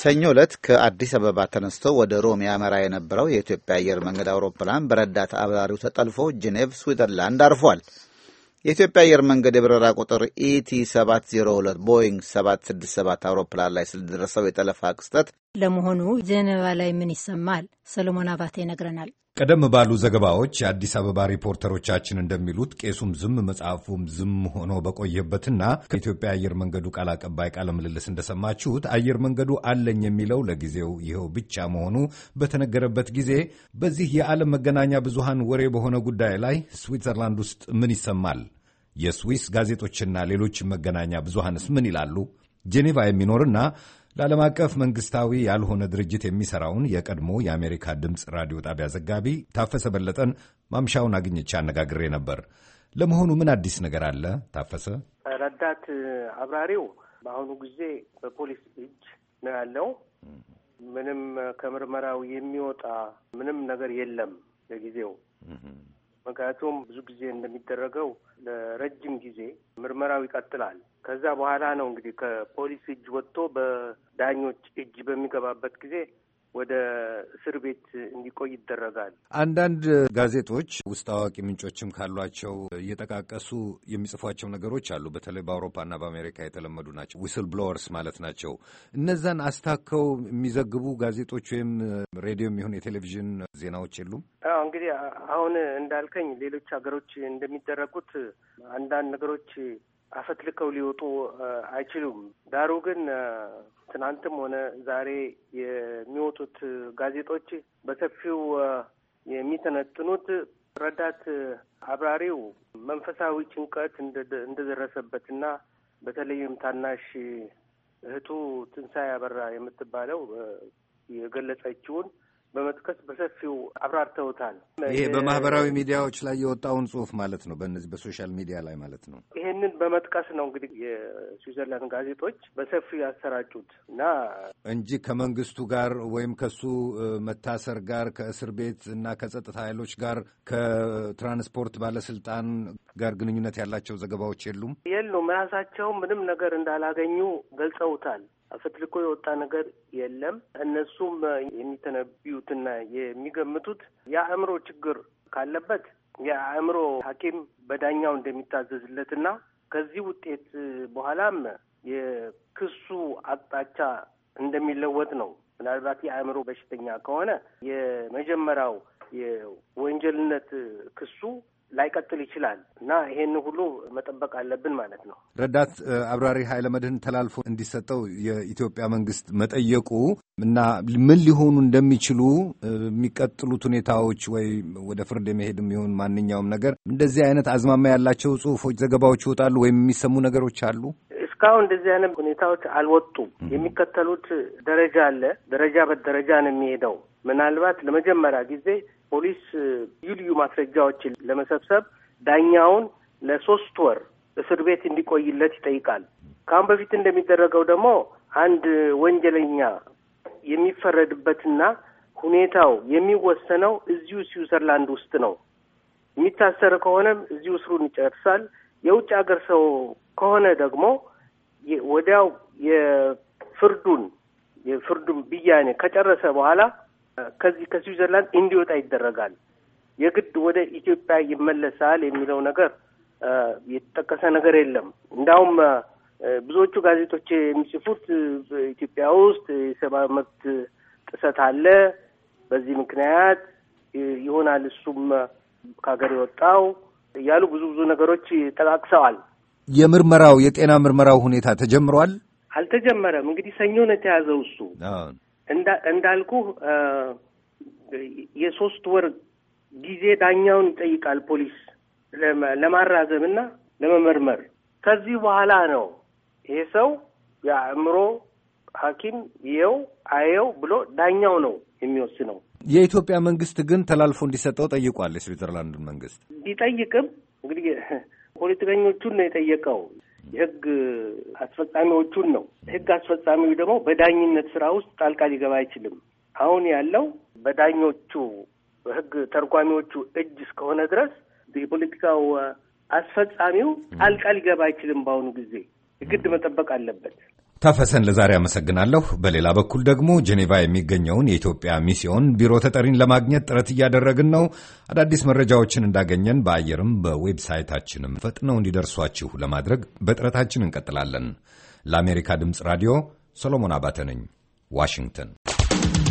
ሰኞ ዕለት ከአዲስ አበባ ተነስቶ ወደ ሮም ያመራ የነበረው የኢትዮጵያ አየር መንገድ አውሮፕላን በረዳት አብራሪው ተጠልፎ ጄኔቭ ስዊዘርላንድ አርፏል። የኢትዮጵያ አየር መንገድ የበረራ ቁጥር ኢቲ 702 ቦይንግ 767 አውሮፕላን ላይ ስለደረሰው የጠለፋ ክስተት ለመሆኑ ጄኔቫ ላይ ምን ይሰማል? ሰለሞን አባቴ ይነግረናል። ቀደም ባሉ ዘገባዎች የአዲስ አበባ ሪፖርተሮቻችን እንደሚሉት ቄሱም ዝም መጽሐፉም ዝም ሆኖ በቆየበትና ከኢትዮጵያ አየር መንገዱ ቃል አቀባይ ቃለ ምልልስ እንደሰማችሁት አየር መንገዱ አለኝ የሚለው ለጊዜው ይኸው ብቻ መሆኑ በተነገረበት ጊዜ በዚህ የዓለም መገናኛ ብዙሃን ወሬ በሆነ ጉዳይ ላይ ስዊትዘርላንድ ውስጥ ምን ይሰማል? የስዊስ ጋዜጦችና ሌሎች መገናኛ ብዙሃንስ ምን ይላሉ? ጄኔቫ የሚኖርና ለዓለም አቀፍ መንግስታዊ ያልሆነ ድርጅት የሚሰራውን የቀድሞ የአሜሪካ ድምፅ ራዲዮ ጣቢያ ዘጋቢ ታፈሰ በለጠን ማምሻውን አግኝቼ አነጋግሬ ነበር። ለመሆኑ ምን አዲስ ነገር አለ? ታፈሰ ረዳት አብራሪው በአሁኑ ጊዜ በፖሊስ እጅ ነው ያለው። ምንም ከምርመራው የሚወጣ ምንም ነገር የለም ለጊዜው ምክንያቱም ብዙ ጊዜ እንደሚደረገው ለረጅም ጊዜ ምርመራው ይቀጥላል። ከዛ በኋላ ነው እንግዲህ ከፖሊስ እጅ ወጥቶ በዳኞች እጅ በሚገባበት ጊዜ ወደ እስር ቤት እንዲቆይ ይደረጋል። አንዳንድ ጋዜጦች ውስጥ አዋቂ ምንጮችም ካሏቸው እየጠቃቀሱ የሚጽፏቸው ነገሮች አሉ። በተለይ በአውሮፓና በአሜሪካ የተለመዱ ናቸው። ዊስል ብሎወርስ ማለት ናቸው። እነዛን አስታከው የሚዘግቡ ጋዜጦች ወይም ሬዲዮ የሚሆን የቴሌቪዥን ዜናዎች የሉም። አዎ እንግዲህ አሁን እንዳልከኝ ሌሎች ሀገሮች እንደሚደረጉት አንዳንድ ነገሮች አፈትልከው ሊወጡ አይችሉም። ዳሩ ግን ትናንትም ሆነ ዛሬ የወጡት ጋዜጦች በሰፊው የሚተነትኑት ረዳት አብራሪው መንፈሳዊ ጭንቀት እንደደረሰበት እና በተለይም ታናሽ እህቱ ትንሣኤ አበራ የምትባለው የገለጸችውን በመጥቀስ በሰፊው አብራርተውታል። ይሄ በማህበራዊ ሚዲያዎች ላይ የወጣውን ጽሁፍ ማለት ነው፣ በእነዚህ በሶሻል ሚዲያ ላይ ማለት ነው። ይሄንን በመጥቀስ ነው እንግዲህ የስዊዘርላንድ ጋዜጦች በሰፊው ያሰራጩት እና እንጂ ከመንግስቱ ጋር ወይም ከሱ መታሰር ጋር ከእስር ቤት እና ከጸጥታ ኃይሎች ጋር ከትራንስፖርት ባለስልጣን ጋር ግንኙነት ያላቸው ዘገባዎች የሉም የሉም። ራሳቸው ምንም ነገር እንዳላገኙ ገልጸውታል። አፈትልኮ የወጣ ነገር የለም። እነሱም የሚተነብዩትና የሚገምቱት የአእምሮ ችግር ካለበት የአእምሮ ሐኪም በዳኛው እንደሚታዘዝለትና ከዚህ ውጤት በኋላም የክሱ አቅጣጫ እንደሚለወጥ ነው። ምናልባት የአእምሮ በሽተኛ ከሆነ የመጀመሪያው የወንጀልነት ክሱ ላይቀጥል ይችላል እና ይሄን ሁሉ መጠበቅ አለብን ማለት ነው። ረዳት አብራሪ ኃይለ መድህን ተላልፎ እንዲሰጠው የኢትዮጵያ መንግስት መጠየቁ እና ምን ሊሆኑ እንደሚችሉ የሚቀጥሉት ሁኔታዎች ወይ ወደ ፍርድ የመሄድ የሚሆን ማንኛውም ነገር እንደዚህ አይነት አዝማማ ያላቸው ጽሁፎች፣ ዘገባዎች ይወጣሉ ወይም የሚሰሙ ነገሮች አሉ። እስካሁን እንደዚህ አይነት ሁኔታዎች አልወጡም። የሚከተሉት ደረጃ አለ። ደረጃ በደረጃ ነው የሚሄደው። ምናልባት ለመጀመሪያ ጊዜ ፖሊስ ልዩ ልዩ ማስረጃዎችን ለመሰብሰብ ዳኛውን ለሶስት ወር እስር ቤት እንዲቆይለት ይጠይቃል። ከአሁን በፊት እንደሚደረገው ደግሞ አንድ ወንጀለኛ የሚፈረድበትና ሁኔታው የሚወሰነው እዚሁ ስዊዘርላንድ ውስጥ ነው። የሚታሰር ከሆነም እዚሁ እስሩን ይጨርሳል። የውጭ ሀገር ሰው ከሆነ ደግሞ ወዲያው የፍርዱን የፍርዱን ብያኔ ከጨረሰ በኋላ ከዚህ ከስዊዘርላንድ እንዲወጣ ይደረጋል። የግድ ወደ ኢትዮጵያ ይመለሳል የሚለው ነገር የተጠቀሰ ነገር የለም። እንዳውም ብዙዎቹ ጋዜጦች የሚጽፉት ኢትዮጵያ ውስጥ የሰብአዊ መብት ጥሰት አለ፣ በዚህ ምክንያት ይሆናል እሱም ከሀገር የወጣው እያሉ ብዙ ብዙ ነገሮች ጠቃቅሰዋል። የምርመራው የጤና ምርመራው ሁኔታ ተጀምሯል? አልተጀመረም። እንግዲህ ሰኞ ነው የተያዘው እሱ እንዳልኩ የሶስት ወር ጊዜ ዳኛውን ይጠይቃል ፖሊስ ለማራዘም እና ለመመርመር። ከዚህ በኋላ ነው ይሄ ሰው የአእምሮ ሐኪም ይኸው አየው ብሎ ዳኛው ነው የሚወስነው። የኢትዮጵያ መንግስት ግን ተላልፎ እንዲሰጠው ጠይቋል። የስዊዘርላንድን መንግስት ቢጠይቅም እንግዲህ ፖለቲከኞቹን ነው የጠየቀው። የህግ አስፈጻሚዎቹን ነው። ህግ አስፈጻሚው ደግሞ በዳኝነት ስራ ውስጥ ጣልቃ ሊገባ አይችልም። አሁን ያለው በዳኞቹ በህግ ተርጓሚዎቹ እጅ እስከሆነ ድረስ የፖለቲካው አስፈጻሚው ጣልቃ ሊገባ አይችልም። በአሁኑ ጊዜ ግድ መጠበቅ አለበት። ታፈሰን ለዛሬ አመሰግናለሁ። በሌላ በኩል ደግሞ ጄኔቫ የሚገኘውን የኢትዮጵያ ሚስዮን ቢሮ ተጠሪን ለማግኘት ጥረት እያደረግን ነው። አዳዲስ መረጃዎችን እንዳገኘን በአየርም በዌብሳይታችንም ፈጥነው እንዲደርሷችሁ ለማድረግ በጥረታችን እንቀጥላለን። ለአሜሪካ ድምፅ ራዲዮ ሰሎሞን አባተ ነኝ፣ ዋሽንግተን